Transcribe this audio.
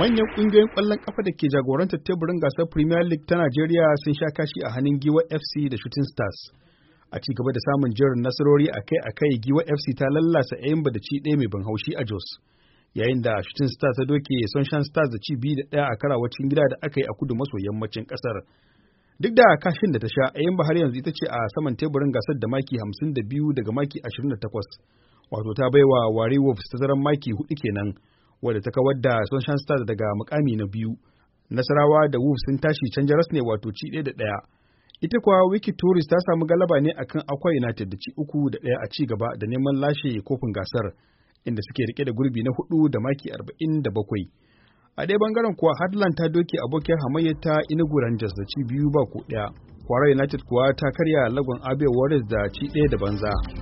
manyan ƙungiyoyin ƙwallon ƙafa da ke jagorantar teburin gasar Premier League ta Najeriya sun sha kashi a hannun Giwa FC da Shooting Stars. A ci gaba da samun jerin nasarori akai-akai Giwa FC ta lallasa ba da ci ɗaya mai ban haushi a Jos. Yayin da Shooting Stars ta doke Sunshine Stars da ci biyu da ɗaya a karawacin gida da aka yi a kudu maso yammacin ƙasar. Duk da kashin da ta sha, ba har yanzu ita ce a saman teburin gasar da maki hamsin da biyu daga maki ashirin da takwas. Wato ta baiwa Wari Wolves zaran maki hudu kenan. wadda ta kawar da Sunshine Stars daga mukami na biyu. Nasarawa da Wolves sun tashi can jaras ne wato ci ɗaya da ɗaya. Ita kuwa Wiki Tourist ta samu galaba ne akan Akwa United da ci uku da ɗaya a ci gaba da neman lashe kofin gasar inda suke rike da gurbi na hudu da maki arba'in da bakwai. A ɗaya bangaren kuwa Hadland ta doke abokin hamayyar ta Inugu Rangers da ci biyu ba ko ɗaya. Kwara United kuwa ta karya lagon Abe Warriors da ci ɗaya da banza.